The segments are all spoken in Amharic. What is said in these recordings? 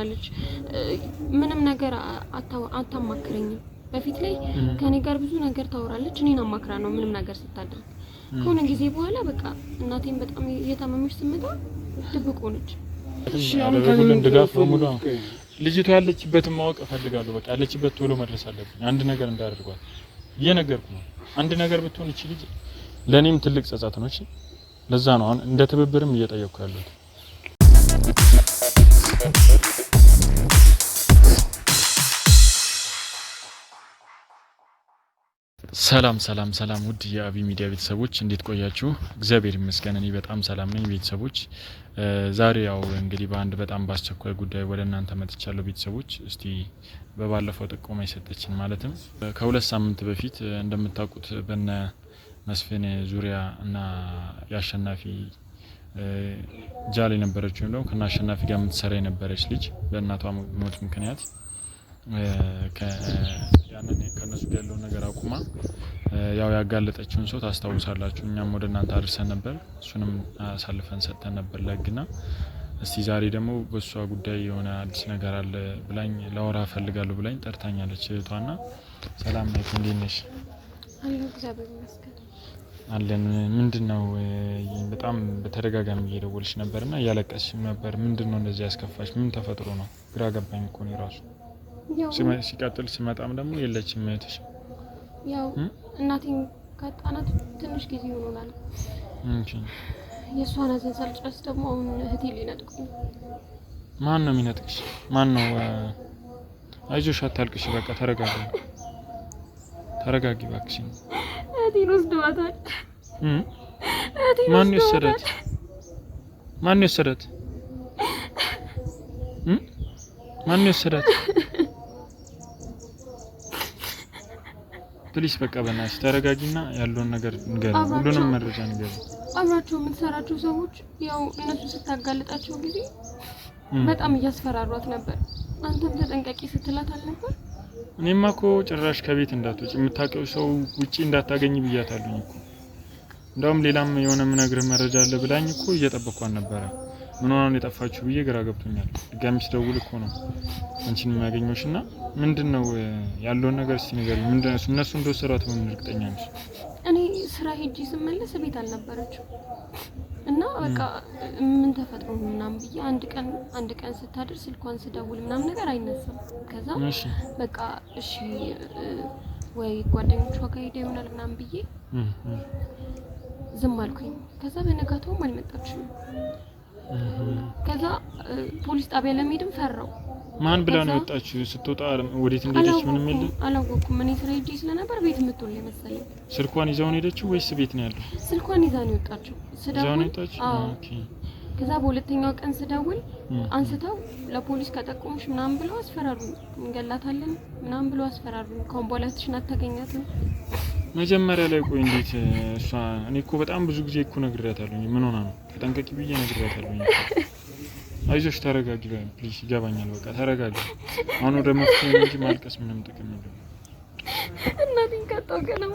ትሆናለች። ምንም ነገር አታማክረኝም። በፊት ላይ ከኔ ጋር ብዙ ነገር ታወራለች፣ እኔን አማክራ ነው ምንም ነገር ስታደርግ። ከሆነ ጊዜ በኋላ በቃ እናቴን በጣም እየታመመች ስመጣ ድብቅ ሆነች። ልጅቷ ያለችበትን ማወቅ እፈልጋለሁ። በቃ ያለችበት ቶሎ መድረስ አለብኝ። አንድ ነገር እንዳደርጓል እየነገርኩ ነው። አንድ ነገር ብትሆን እቺ ልጅ ለእኔም ትልቅ ጸጸት ነው። ለዛ ነው አሁን እንደ ትብብርም እየጠየቅኩ ያለሁት። ሰላም ሰላም ሰላም ውድ የአቢ ሚዲያ ቤተሰቦች እንዴት ቆያችሁ? እግዚአብሔር ይመስገን እኔ በጣም ሰላም ነኝ። ቤተሰቦች ዛሬ ያው እንግዲህ በአንድ በጣም በአስቸኳይ ጉዳይ ወደ እናንተ መጥቻለሁ። ቤተሰቦች እስቲ በባለፈው ጥቆማ የሰጠችን ማለትም ከሁለት ሳምንት በፊት እንደምታውቁት በነ መስፍን ዙሪያ እና የአሸናፊ ጃል የነበረች ወይም ደግሞ ከነ አሸናፊ ጋር የምትሰራ የነበረች ልጅ በእናቷ ሞት ምክንያት ያንን ከነሱ ጋር ያለውን ነገር አቁማ ያው ያጋለጠችውን ሰው ታስታውሳላችሁ። እኛም ወደ እናንተ አድርሰን ነበር፣ እሱንም አሳልፈን ሰጥተን ነበር ለህግና እስቲ ዛሬ ደግሞ በእሷ ጉዳይ የሆነ አዲስ ነገር አለ ብላኝ ላወራ እፈልጋለሁ ብላኝ ጠርታኛለች እህቷ ና ሰላም ናት እንዴት ነሽ አለን ምንድን ነው በጣም በተደጋጋሚ እየደወልሽ ነበር ና እያለቀስሽ ነበር ምንድን ነው እንደዚህ ያስከፋሽ ምን ተፈጥሮ ነው ግራ ገባኝ እኮ እኔ ራሱ ሲቀጥል ሲመጣም ደግሞ የለችም እህትሽ። ያው እናቴን ካጣናት ትንሽ ጊዜ ይሆናል። የእሷን ሐዘን ሳልጨርስ ደግሞ አሁን እህቴ ሊነጥቁኝ። ማን ነው የሚነጥቅሽ? ማን ነው? አይዞሽ፣ አታልቅሽ። በቃ ተረጋጊ፣ ተረጋጊ እባክሽ። እህቴን ወስደዋታል። ማን የወሰዳት? ማን የወሰዳት? ማን የወሰዳት? ፕሊስ በቃ በእናትሽ ተረጋጊና ያለውን ነገር ንገር፣ ሁሉንም መረጃ ንገር። አብራቸው የምትሰራቸው ሰዎች ያው እነሱ ስታጋልጣቸው ጊዜ በጣም እያስፈራሯት ነበር። አንተም ተጠንቀቂ ስትላት አልነበር? እኔማ እኮ ጭራሽ ከቤት እንዳትወጪ የምታውቂው ሰው ውጪ እንዳታገኝ ብያታለኝ እኮ። እንዳውም ሌላም የሆነ የምነግርህ መረጃ አለ ብላኝ እኮ እየጠበኳን ነበረ። ምን ሆነ የጠፋችሁ ብዬ ግራ ገብቶኛል። ድጋሚ ስደውል እኮ ነው አንቺን የሚያገኘሽ እና ምንድን ነው ያለውን ነገር እስቲ ንገሪኝ። ምንድን ነው እነሱ እንደወሰዷት ምን እርግጠኛ ነሽ? እኔ ስራ ሄጂ ስመለስ ቤት አልነበረችው? እና በቃ ምን ተፈጥሮ ምናምን ብዬ አንድ ቀን አንድ ቀን ስታደር ስልኳን ስደውል ምናምን ነገር አይነሳም። ከዛ በቃ እሺ ወይ ጓደኞቿ ጋር ሄደ ይሆናል ምናምን ብዬ ዝም አልኩኝ። ከዛ በነጋታውም አልመጣችም። ከዛ ፖሊስ ጣቢያ ለመሄድም ፈራው። ማን ብላ ነው የወጣችው? ስትወጣ ወዴት እንደሄደች ምንም የለ አላወኩም። እኔ ስራ ሄጄ ስለነበር ቤት የምትውል መሰለኝ። ስልኳን ይዛው ነው ሄደችው ወይስ ቤት ነው ያለው? ስልኳን ይዛ ነው የወጣችው። ስደውል ኦኬ። ከዛ በሁለተኛው ቀን ስደውል አንስተው ለፖሊስ ከጠቆሙሽ ምናምን ብለው አስፈራሩ። እንገላታለን ምናምን ብለው አስፈራሩ። ከአሁን በኋላ ትሽን አታገኛትም መጀመሪያ ላይ ቆይ እንዴት እሷ እኔ እኮ በጣም ብዙ ጊዜ እኮ ነግሬያታለሁ። ምን ሆና ነው ተጠንቀቂ ብዬ ነግሬያታለሁ። አይዞሽ ተረጋጊ፣ ፕሊስ። ይገባኛል፣ በቃ ተረጋጊ። አሁን ወደ መፍትሄ እንጂ ማልቀስ ምንም ጥቅም የለም። እናቴን ካጣው ገለው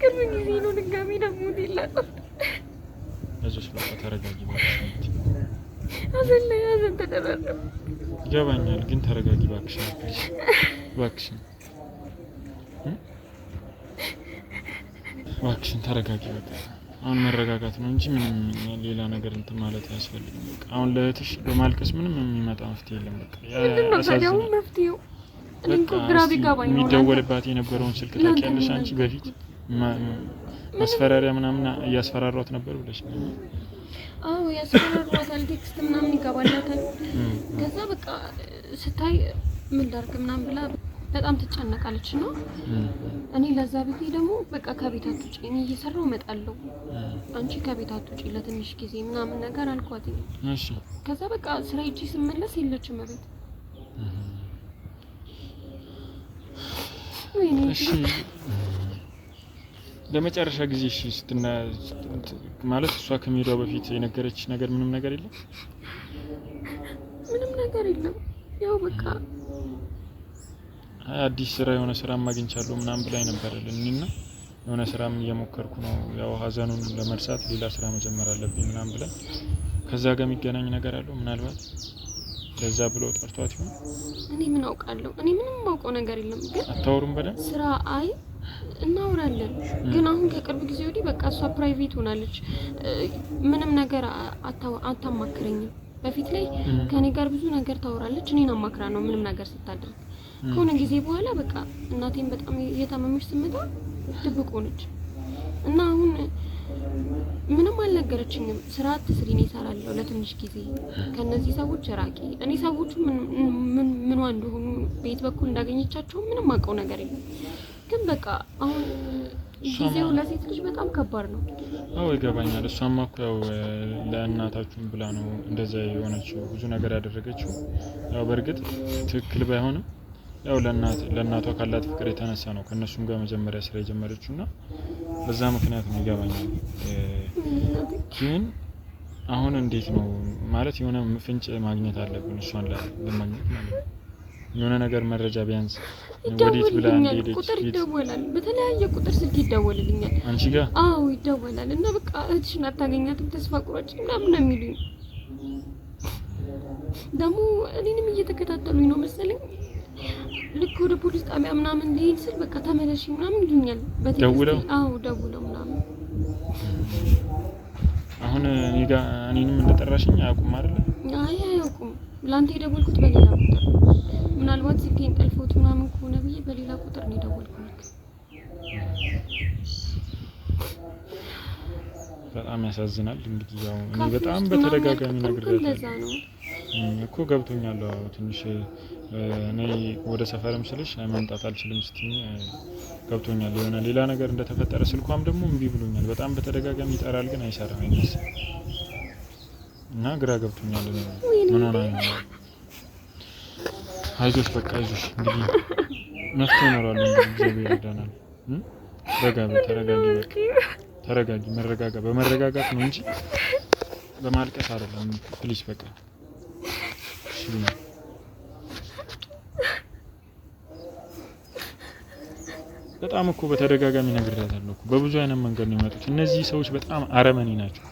ቅርብ ጊዜ ነው ድጋሚ ደግሞ ይላል። አይዞሽ በቃ ተረጋጊ። አዘን ላይ አዘን ተደራረብ። ይገባኛል፣ ግን ተረጋጊ እባክሽን፣ ፕሊዝ እባክሽን እባክሽን ተረጋጊ። በቃ አሁን መረጋጋት ነው እንጂ ምንም ሌላ ነገር እንትን ማለት አያስፈልግም። በቃ አሁን ለእህትሽ በማልቀስ ምንም የሚመጣ መፍትሄ የለም። በቃ የሚደወልባት የነበረውን ስልክ ታውቂያለሽ አንቺ በፊት ማስፈራሪያ ምናምን እያስፈራሯት ነበር ብለሽ ነው። አዎ ያስፈራሯታል። ቴክስት ምናምን ይገባላታል። ከዛ በቃ ስታይ ምን ላድርግ ምናምን ብላ በጣም ትጨነቃለች እና እኔ ለዛ ብዬ ደግሞ በቃ ከቤት አትውጪ፣ እኔ እየሰራው እመጣለሁ፣ አንቺ ከቤት አትውጪ ለትንሽ ጊዜ ምናምን ነገር አልኳት። ከዛ በቃ ስራ ሂጂ ስመለስ የለችም እቤት። ለመጨረሻ ጊዜ ስትና ማለት እሷ ከመሄዷ በፊት የነገረች ነገር ምንም ነገር የለም፣ ምንም ነገር የለም። ያው በቃ አዲስ ስራ የሆነ ስራ ማግኝቻለሁ ምናምን ብላኝ ነበር እኔና የሆነ ስራም እየሞከርኩ ነው። ያው ሀዘኑን ለመርሳት ሌላ ስራ መጀመር አለብኝ ምናምን ብላኝ ከዛ ጋር የሚገናኝ ነገር አለው ምናልባት ለዛ ብሎ ጠርቷት ይሆን? እኔ ምን አውቃለሁ? እኔ ምንም ማውቀው ነገር የለም። ግን አታወሩም? በደንብ ስራ አይ እናውራለን ግን አሁን ከቅርብ ጊዜ ወዲህ በቃ እሷ ፕራይቬት ሆናለች። ምንም ነገር አታማክረኝም። በፊት ላይ ከኔ ጋር ብዙ ነገር ታወራለች፣ እኔን አማክራ ነው ምንም ነገር ስታደርግ ከሆነ ጊዜ በኋላ በቃ እናቴን በጣም እየታመመች ስመጣ ድብቆ ነች እና አሁን ምንም አልነገረችኝም። ስራ ትስሪ፣ እኔ እሰራለሁ ለትንሽ ጊዜ፣ ከእነዚህ ሰዎች ራቂ። እኔ ሰዎቹ ምኗ እንደሆኑ ቤት በኩል እንዳገኘቻቸው ምንም አውቀው ነገር የለም። ግን በቃ አሁን ጊዜው ለሴት ልጅ በጣም ከባድ ነው። አዎ ይገባኛል። እሷማ እኮ ያው ለእናታችሁም ብላ ነው እንደዚያ የሆነችው፣ ብዙ ነገር ያደረገችው። ያው በእርግጥ ትክክል ባይሆንም ያው ለእናቷ ካላት ፍቅር የተነሳ ነው ከእነሱም ጋር መጀመሪያ ስራ የጀመረችው እና በዛ ምክንያት ነው ይገባኛል። ግን አሁን እንዴት ነው ማለት የሆነ ፍንጭ ማግኘት አለብን፣ እሷን ላይ ለማግኘት ማለት ነው የሆነ ነገር መረጃ ቢያንስ ወዴት ብላ እንደሄደች ቁጥር ይደወላል። በተለያየ ቁጥር ስልክ ይደወልልኛል። አንቺ ጋ? አዎ ይደወላል። እና በቃ እህትሽን አታገኛትም ተስፋ ቁረጭ ምናምን ነው የሚሉኝ። ደግሞ እኔንም እየተከታተሉኝ ነው መሰለኝ ልክ ወደ ፖሊስ ጣቢያ ምናምን ልሄድ ስል በቃ ተመለሽ ምናምን ይሉኛል። ደውለው አዎ ደውለው ምናምን አሁን እኔ ጋር እኔንም እንደጠራሽኝ አያውቁም አይደለ? አይ አያውቁም። ለአንተ የደወልኩት በሌላ ቁጥር ምናልባት ስልኬን ጠልፎት ምናምን ከሆነ ብዬ በሌላ ቁጥር ነው የደወልኩት። በጣም ያሳዝናል። እንግዲህ ያው እኔ በጣም በተደጋጋሚ ነግሬያታለሁ እኮ ገብቶኛል። ትንሽ እኔ ወደ ሰፈርም ስልሽ መምጣት አልችልም ስትኝ ገብቶኛል። የሆነ ሌላ ነገር እንደተፈጠረ ስልኳም ደግሞ እምቢ ብሎኛል። በጣም በተደጋጋሚ ይጠራል ግን አይሰራም አይመስል እና ግራ ገብቶኛል። ምን ሆና ነው? አይዞሽ በቃ አይዞሽ። እንግዲህ መፍትሄ ይኖራል። እግዚአብሔር ይረዳናል። ረጋ ተረጋጊ፣ በቃ ተረጋጊ። መረጋጋ በመረጋጋት ነው እንጂ በማልቀስ አይደለም። ፕሊስ በቃ በጣም እኮ በተደጋጋሚ ነግሬያታለሁ እኮ በብዙ አይነት መንገድ ነው የመጡት። እነዚህ ሰዎች በጣም አረመኔ ናቸው፣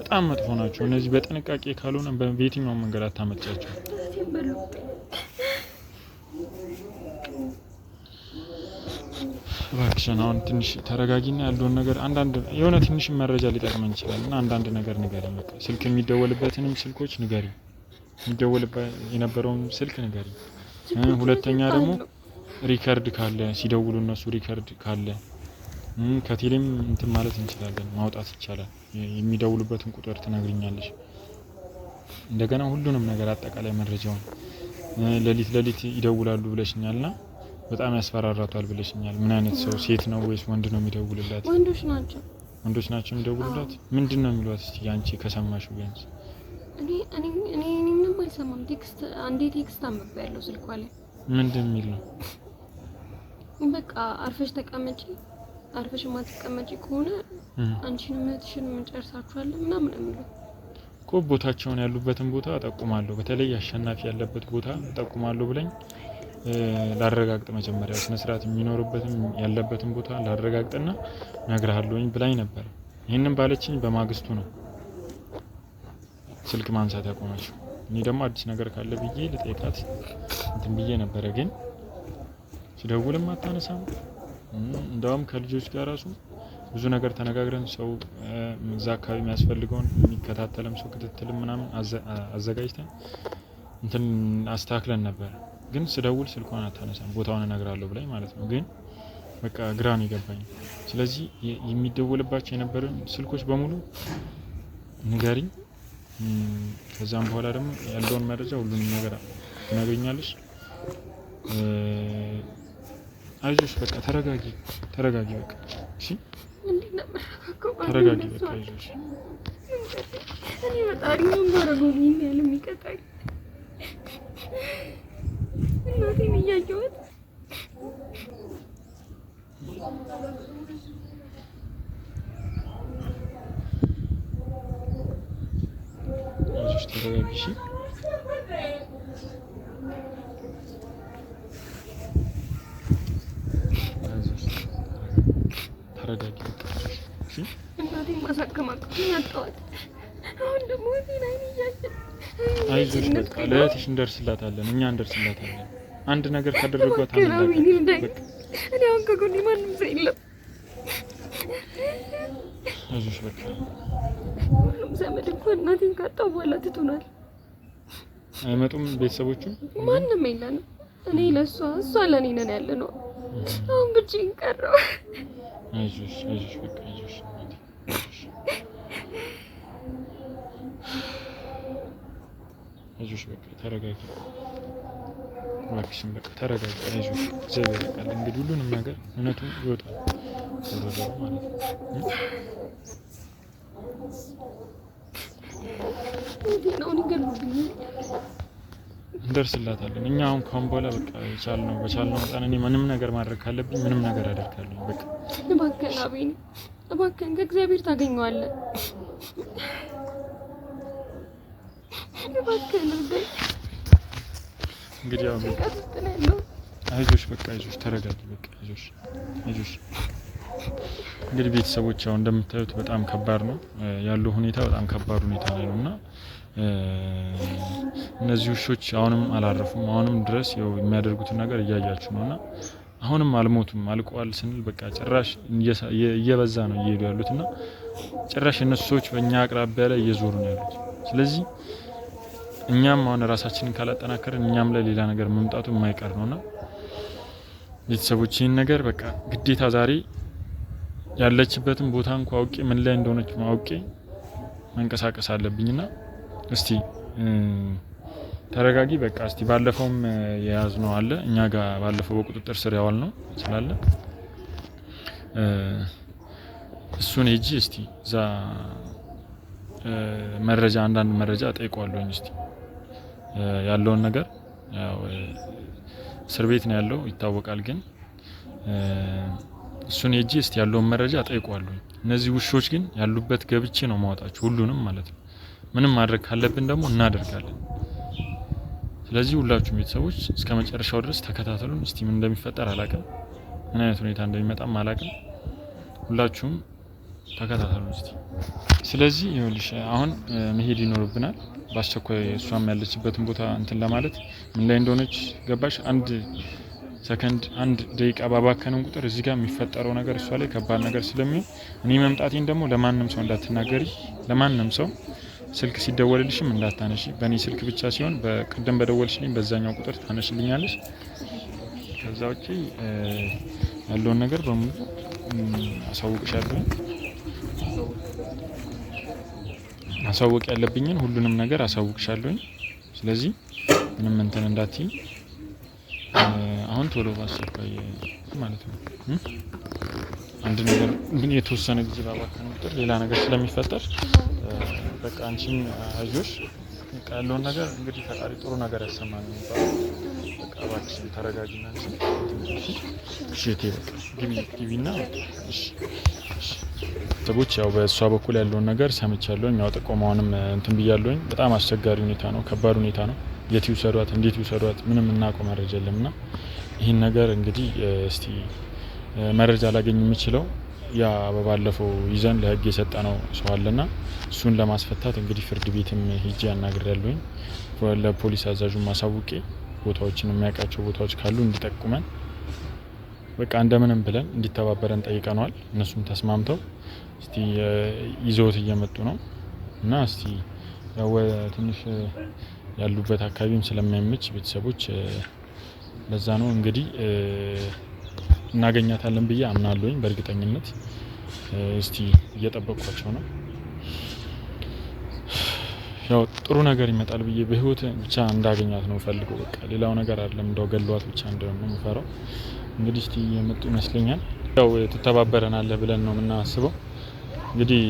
በጣም መጥፎ ናቸው። እነዚህ በጥንቃቄ ካልሆነ በየትኛው መንገድ አታመጫቸው። እባክሽን አሁን ትንሽ ተረጋጊና ያለውን ነገር አንዳንድ የሆነ ትንሽ መረጃ ሊጠቅመን ይችላል እና አንዳንድ ነገር ንገሪኝ። ስልክ የሚደወልበትንም ስልኮች ንገሪ፣ የሚደወልበት የነበረውን ስልክ ንገሪ። ሁለተኛ ደግሞ ሪከርድ ካለ ሲደውሉ እነሱ ሪከርድ ካለ ከቴሌም እንትን ማለት እንችላለን፣ ማውጣት ይቻላል። የሚደውሉበትን ቁጥር ትነግርኛለች። እንደገና ሁሉንም ነገር አጠቃላይ መረጃውን ሌሊት ሌሊት ይደውላሉ ብለሽኛል ና በጣም ያስፈራራቷል ብለሽኛል። ምን አይነት ሰው ሴት ነው ወይስ ወንድ ነው የሚደውልላት? ወንዶች ናቸው። ወንዶች ናቸው ምንድን ነው የሚሏት? እስቲ አንቺ ከሰማሹ ቢያንስ። እኔ ምንም ቴክስት አንዴ ቴክስት ስልኳ ላይ ምንድን የሚል ነው በቃ አርፈሽ ተቀመጪ፣ አርፈሽ የማትቀመጪ ከሆነ አንቺንም እህትሽንም እንጨርሳችኋለን ምናምን የሚለው እኮ ቦታቸውን ያሉበትን ቦታ እጠቁማለሁ፣ በተለይ አሸናፊ ያለበት ቦታ እጠቁማለሁ ብለኝ ላረጋግጥ መጀመሪያ ስነ ስርዓት የሚኖርበትም ያለበትን ቦታ ላረጋግጥና ነግርሃለሁኝ ብላኝ ነበር። ይህንን ባለችኝ በማግስቱ ነው ስልክ ማንሳት ያቆመችው። እኔ ደግሞ አዲስ ነገር ካለ ብዬ ልጠይቃት እንትን ብዬ ነበረ ግን ሲደውልም አታነሳም። እንደውም ከልጆች ጋር ራሱ ብዙ ነገር ተነጋግረን ሰው እዛ አካባቢ የሚያስፈልገውን የሚከታተልም ሰው ክትትልም ምናምን አዘጋጅተን እንትን አስተካክለን ነበር። ግን ስደውል ስልኳን አታነሳም፣ ቦታውን እነግራለሁ ብላኝ ማለት ነው። ግን በቃ ግራ ነው የገባኝ። ስለዚህ የሚደወልባቸው የነበረን ስልኮች በሙሉ ንገሪ፣ ከዛም በኋላ ደግሞ ያለውን መረጃ ሁሉንም ነገር ትነግሪኛለሽ አይዞሽ በቃ ተረጋጊ፣ ተረጋጊ በቃ እሺ፣ ተረጋጊ በቃ አይዞሽ። እኔ በጣም ምን ማረጉኝ ያለ የሚቀጣኝ ለእህትሽ እንደርስላታለን፣ እኛ እንደርስላታለን። አንድ ነገር ካደረጓት እኔ አሁን ከጎኔ ማንም ሰው የለም። አይዞሽ በቃ ሁሉም ዘመድ እንኳን እናቴን ካጣሁ በኋላ ትቶናል። አይመጡም ቤተሰቦቹ፣ ማንም የለንም። እኔ ለእሷ እሷ ለእኔ ነን ያለ ነው። አሁን ብቻዬን ቀረሁ። አይዞሽ አይዞሽ በቃ አይዞሽ አይዞሽ በቃ ተረጋጊ፣ እባክሽን በቃ ተረጋጊ፣ አይዞሽ እግዚአብሔር ያውቃል። እንግዲህ ሁሉንም ነገር እውነቱን ይወጣል ተዘዘሩ ማለት ነው። እንደርስላታለን እኛ አሁን ካሁን በኋላ በቃ የቻልነው በቻልነው መጠን እኔ ምንም ነገር ማድረግ ካለብኝ ምንም ነገር አደርጋለሁ። በቃ እባክህን አቤኔ እባክህን ከእግዚአብሔር ታገኘዋለህ። እንግዲህ አይዞሽ፣ በቃ አይዞሽ፣ ተረጋጊ፣ በቃ አይዞሽ፣ አይዞሽ። እንግዲህ ቤተሰቦች ያው እንደምታዩት በጣም ከባድ ነው ያለው ሁኔታ፣ በጣም ከባድ ሁኔታ ላይ ነው እና እነዚህ ውሾች አሁንም አላረፉም። አሁንም ድረስ ያው የሚያደርጉትን ነገር እያያችሁ ነው እና አሁንም አልሞቱም። አልቀዋል ስንል በቃ ጭራሽ እየበዛ ነው እየሄዱ ያሉት እና ጭራሽ እነሱ ሰዎች በእኛ አቅራቢያ ላይ እየዞሩ ነው ያሉት። ስለዚህ እኛም አሁን ራሳችንን ካላጠናከርን እኛም ለሌላ ነገር መምጣቱ የማይቀር ነው። ቤተሰቦች ይህን ነገር በቃ ግዴታ ዛሬ ያለችበትን ቦታ እንኳ አውቄ ምን ላይ እንደሆነች አውቄ መንቀሳቀስ ና እስቲ ተረጋጊ በቃ እስቲ ባለፈውም የያዝ ነው አለ እኛ ጋር ባለፈው በቁጥጥር ስር ያዋል ነው ስላለ እሱን ሄጂ እስቲ እዛ መረጃ አንዳንድ መረጃ ጠይቋለሁኝ እስቲ ያለውን ነገር እስር ቤት ነው ያለው ይታወቃል። ግን እሱን የእጅ እስቲ ያለውን መረጃ ጠይቋሉ። እነዚህ ውሾች ግን ያሉበት ገብቼ ነው ማወጣቸው ሁሉንም ማለት ነው። ምንም ማድረግ ካለብን ደግሞ እናደርጋለን። ስለዚህ ሁላችሁም ቤተሰቦች እስከ መጨረሻው ድረስ ተከታተሉን። እስቲ ምን እንደሚፈጠር አላቅም፣ ምን አይነት ሁኔታ እንደሚመጣም አላቅም። ሁላችሁም ተከታተሉ እስቲ። ስለዚህ ይኸውልሽ አሁን መሄድ ይኖርብናል በአስቸኳይ እሷም ያለችበትን ቦታ እንትን ለማለት ምን ላይ እንደሆነች ገባሽ? አንድ ሰከንድ አንድ ደቂቃ ባባከንን ቁጥር እዚህ ጋር የሚፈጠረው ነገር እሷ ላይ ከባድ ነገር ስለሚሆን እኔ መምጣቴን ደግሞ ለማንም ሰው እንዳትናገሪ፣ ለማንም ሰው ስልክ ሲደወልልሽም እንዳታነሺ። በእኔ ስልክ ብቻ ሲሆን በቀደም በደወልሽልኝ በዛኛው ቁጥር ታነሽልኛለሽ። ከዛ ውጪ ያለውን ነገር በሙሉ አሳውቅሻለሁ። ማሳወቅ ያለብኝን ሁሉንም ነገር አሳውቅሻለሁኝ። ስለዚህ ምንም እንትን እንዳትይ። አሁን ቶሎ በአስቸኳይ ማለት ነው። አንድ ነገር ግን የተወሰነ ጊዜ ባባከን ቁጥር ሌላ ነገር ስለሚፈጠር በቃ አንቺም አይዞሽ። በቃ ያለውን ነገር እንግዲህ ፈጣሪ ጥሩ ነገር ያሰማል የሚባለው በቃ እባክሽን ተረጋጊና፣ እሺ እሺ ጥጎች ያው በእሷ በኩል ያለውን ነገር ሰምቻለሁኝ። ያው ጥቆማውንም እንትን ብያለሁኝ። በጣም አስቸጋሪ ሁኔታ ነው፣ ከባድ ሁኔታ ነው። የት ይውሰዷት፣ እንዴት ይውሰዷት፣ ምንም እናውቀው መረጃ የለም ና ይህን ነገር እንግዲህ እስቲ መረጃ ላገኝ የምችለው ያ በባለፈው ይዘን ለህግ የሰጠ ነው ሰው ና እሱን ለማስፈታት እንግዲህ ፍርድ ቤትም ሄጄ አናግሬያለሁኝ። ለፖሊስ አዛዡ ማሳውቄ ቦታዎችን የሚያውቃቸው ቦታዎች ካሉ እንዲጠቁመን በቃ እንደምንም ብለን እንዲተባበረን ጠይቀነዋል። እነሱም ተስማምተው እስቲ ይዘውት እየመጡ ነው እና እስቲ ያው ትንሽ ያሉበት አካባቢም ስለማይመች ቤተሰቦች ለዛ ነው እንግዲህ እናገኛታለን ብዬ አምናለሁኝ በእርግጠኝነት። እስቲ እየጠበቅኳቸው ነው። ያው ጥሩ ነገር ይመጣል ብዬ በህይወት ብቻ እንዳገኛት ነው ፈልገው። በቃ ሌላው ነገር አይደለም፣ እንደው ገሏት ብቻ እንደሆነ ነው የምፈራው። እንግዲህ እስቲ እየመጡ ይመስለኛል። ያው ትተባበረናለህ ብለን ነው የምናስበው። እንግዲህ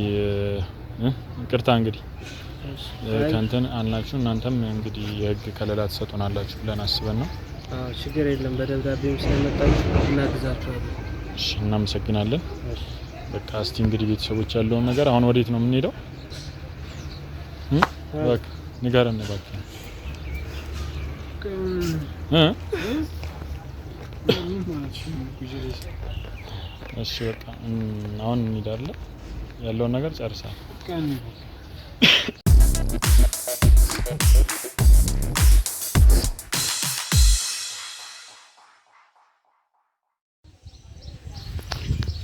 ቅርታ እንግዲህ ከንትን አልናችሁ እናንተም እንግዲህ የህግ ከለላ ትሰጡናላችሁ ብለን አስበን ነው። ችግር የለም። በደብዳቤም ስለመጣችሁ እናግዛችኋለን። እሺ፣ እናመሰግናለን። በቃ እስቲ እንግዲህ ቤተሰቦች ያለውን ነገር አሁን ወዴት ነው የምንሄደው? በቃ ንገረን እባክህ እ እሺ በቃ አሁን እንሄዳለን። ያለውን ነገር ጨርሳል።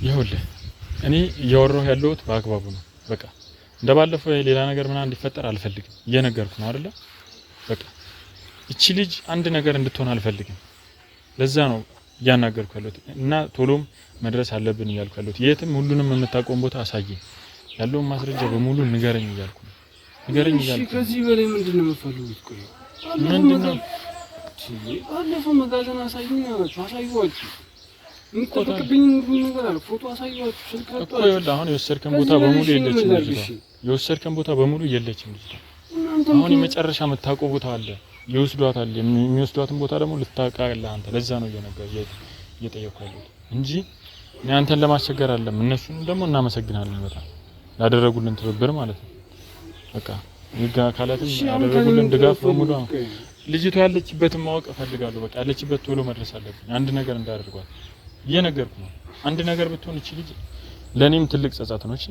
ይኸውልህ እኔ እያወራሁ ያለሁት በአግባቡ ነው። በቃ እንደ ባለፈው ሌላ ነገር ምናምን እንዲፈጠር አልፈልግም። እየነገርኩ ነው አይደለ? በቃ እቺ ልጅ አንድ ነገር እንድትሆን አልፈልግም። ለዛ ነው እያናገርኩ ያለሁት እና ቶሎም መድረስ አለብን እያልኩ ያለሁት። የትም ሁሉንም የምታውቀውን ቦታ አሳየ ያለውን ማስረጃ በሙሉ ንገረኝ እያልኩ ነው። ንገረኝ እያልኩ ከዚህ በላይ ምንድን ነው የምትፈልጉት? ቆይ ምንድን ነው ባለፈው መጋዘን አሳዩኝ አላችሁ፣ አሳዩዋችሁ ፎቶ እኮ አሁን የወሰድከን ቦታ በሙሉ የለችም የወሰድከን ቦታ በሙሉ የለችም አሁን የመጨረሻ የምታውቀው ቦታ አለ ይወስዷታል። የሚወስዷትን ቦታ ደግሞ ልታውቃለህ አንተ። ለዛ ነው እየጠየኩ ያሉት እንጂ እኔ አንተን ለማስቸገር አለም። እነሱን ደግሞ እናመሰግናለን በጣም ላደረጉልን ትብብር ማለት ነው። በቃ ይጋ አካላትም ያደረጉልን ድጋፍ በሙሉ ልጅቷ ያለችበትን ማወቅ እፈልጋለሁ። በቃ ያለችበት ቶሎ መድረስ አለብኝ። አንድ ነገር እንዳደርጓት እየነገርኩ ነው። አንድ ነገር ብትሆን እቺ ልጅ ለእኔም ትልቅ ጸጸት ነው። እሺ፣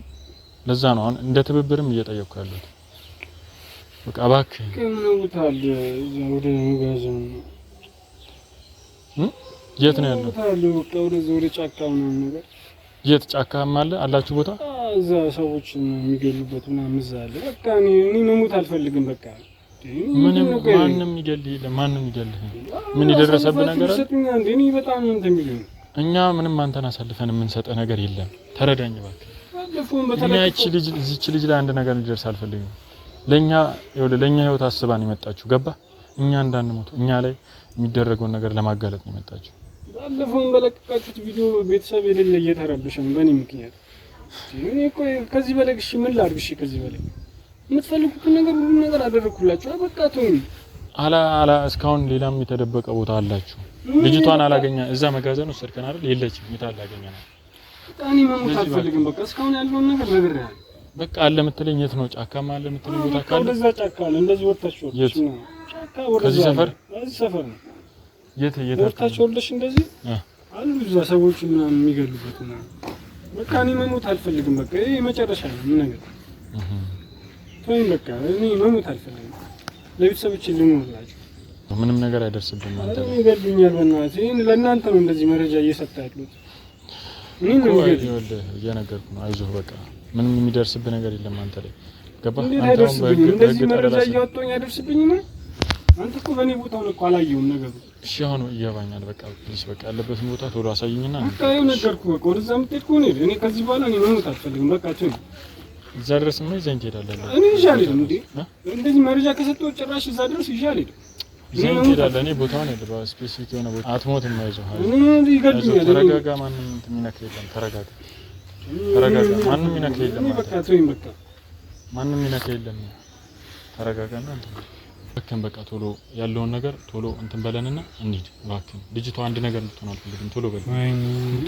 ለዛ ነው አሁን እንደ ትብብርም እየጠየቅኩ ያሉት። በቃ እባክህ የት ነው ያለው? የት ጫካም አለ አላችሁ ቦታ? እዛ ሰዎች የሚገሉበት ምናምን እዛ አለ። በቃ እኔ መሞት አልፈልግም። በቃ ምንም ማንም ይገልህ የለም ማንም ይገልህ። ምን የደረሰብህ ነገር አለ? እኛ ምንም አንተን አሳልፈን የምንሰጠህ ነገር የለም። ተረዳኝ እባክህ። እኛ ይህች ልጅ እዚህች ልጅ ላይ አንድ ነገር ሊደርስ አልፈልግም። ለኛ ይኸውልህ ለኛ ህይወት አስባን የመጣችሁ ገባ እኛ እንዳንሞት እኛ ላይ የሚደረገውን ነገር ለማጋለጥ ነው የመጣችሁ። ባለፈው በለቀቃችሁት ቪዲዮ ቤተሰብ የሌለ እየተረብሽ በእኔ ምክንያት። ከዚህ በላይ እሺ ምን ላድርግ? እሺ ከዚህ በላይ የምትፈልጉትን ነገር ሁሉ ነገር አደረግኩላችሁ። አበቃቱ አላ አላ እስካሁን ሌላም የተደበቀ ቦታ አላችሁ። ልጅቷን አላገኛ እዛ መጋዘን ውስጥ ሰድከን አይደል? የለችም የት ነው። በቃ እኔ መሞት አልፈልግም። በቃ እስካሁን ያለውን ነገር ነግሬሃለሁ። በቃ አለ የምትለኝ የት ነው? ጫካማ አለ የምትለኝ ቦታ ካለ እንደዛ ጫካ አለ። እንደዚህ ወጣሽ ወጣሽ ነው ጫካ ወደ ከዚህ ሰፈር እዚህ ሰፈር ነው የት የት ወጣሽ ወጣሽ እንደዚህ አሉ እዛ ሰዎች እና የሚገሉበት እና በቃ እኔ መሞት አልፈልግም። በቃ ይሄ መጨረሻ ነው። ምን ነገር ተወኝ። በቃ እኔ መሞት አልፈልግም። ለቤተሰቦቼ ልሞትላቸው ምንም ነገር አይደርስብም። አንተ ነው ይገልኛል? በእናትህ ይሄን ለእናንተ ነው እንደዚህ መረጃ እየሰጠ ያሉት። ምን ነው ይገድሉኛል። እየነገርኩህ ነው። አይዞህ በቃ ምንም የሚደርስብህ ነገር የለም አንተ ላይ ገባህ? እንደዚህ መረጃ እያወጣሁኝ አይደርስብኝም። አንተ እኮ በእኔ ቦታ ነው እኮ አላየሁም ነገሩ። እሺ አሁን ይገባኛል። በቃ ፕሊስ፣ በቃ ያለበትን ቦታ ቶሎ አሳይኝና በቃ ይኸው ነገርኩህ። በቃ ወደዛ የምትሄድ ከሆነ እኔ ከዚህ በኋላ እኔ መሞት አልፈልግም። በቃ እዛ ድረስ ማ ይዘኝ ትሄዳለህ? እኔ ይዤ አልሄድም። እንዴ እንደዚህ መረጃ ከሰጠሁህ ጭራሽ እዛ ድረስ ይዤ አልሄድም። እኔ ቦታውን ያለ ስፔሲፊክ የሆነ ቦታ አትሞትም። አይዞህ፣ ተረጋጋ። ማንም የሚነካ የለም። ተረጋጋ ተረጋጋ። ማንም ይነካ የለም። ማንም ይነካ የለም። ተረጋጋና እባክህን በቃ ቶሎ ያለውን ነገር ቶሎ እንትን በለንና እንሂድ። እባክህን ልጅቷ አንድ ነገር እንድትሆን አልፈልግም። ቶሎ በል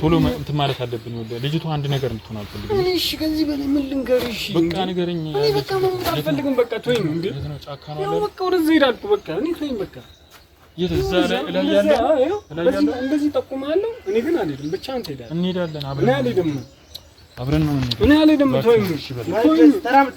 ቶሎ እንትን ማለት አለብን። ልጅቷ አንድ ነገር እንድትሆን አልፈልግም። እሺ፣ ከዚህ በላይ ምን ልንገርሽ? በቃ ንገረኝ። በቃ መሞት አልፈልግም። በቃ ተወኝ። እንዴ ነው ጫካ ነው ሄዳልኩ። አብረን ነው የምንሄደው። እኔ አልሄድም። ተወኝ ተራም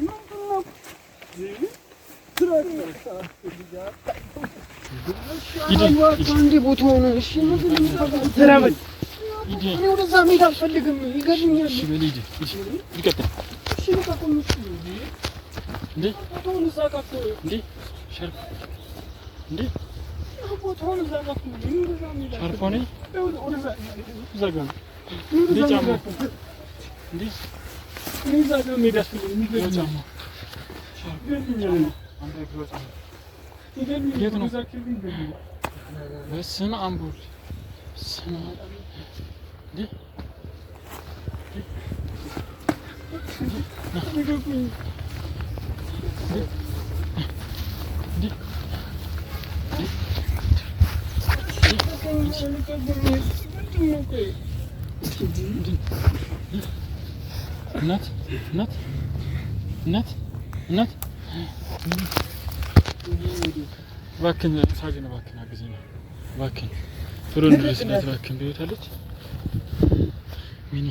Bunu bunu. Gidin. አንድ ቦታ ሆነ። እሺ ነው ተራበት እኔ ወደዛ መሄድ አልፈልግም፣ ይገርምኛል። እሺ በል ሂድ፣ ይቀጥል። እሺ ልቀቁም። እሺ እንዴ ቦታውን እዛ ጋር እንዴ ሸርፍ እንዴ ቦታውን እዛ ጋር ሸርፍ ሆነ እዛ ጋር እንዴ ጫማ እንዴ biz zaten midesini, midesini. Hocam. Gördün yani. Gidelim mi? Gidelim mi? Ve seni ambul. Seni Ne? Thank you. እናት እናት እናት እናት እባክህን ሳጅን እባክህን አግዘኝ እባክህን ቶሎ እንድረስ እባክህን በሕይወት ሚኒ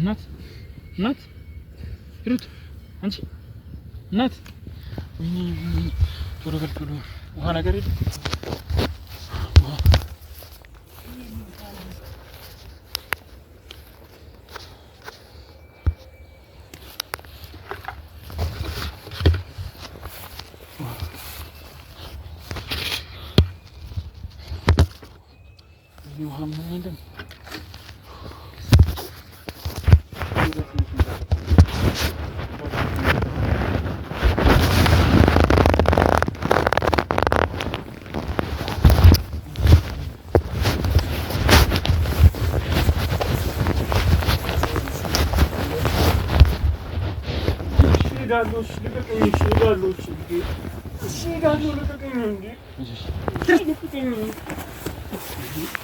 እናት እናት ሂሩት አንቺ እናት ቶሎ በል ቶሎ ውሃ ነገር የለም Shiradou, Shiradou pequenininho, Shiradou, Shiradou. Shiradou pequenininho. Shiradou pequenininho.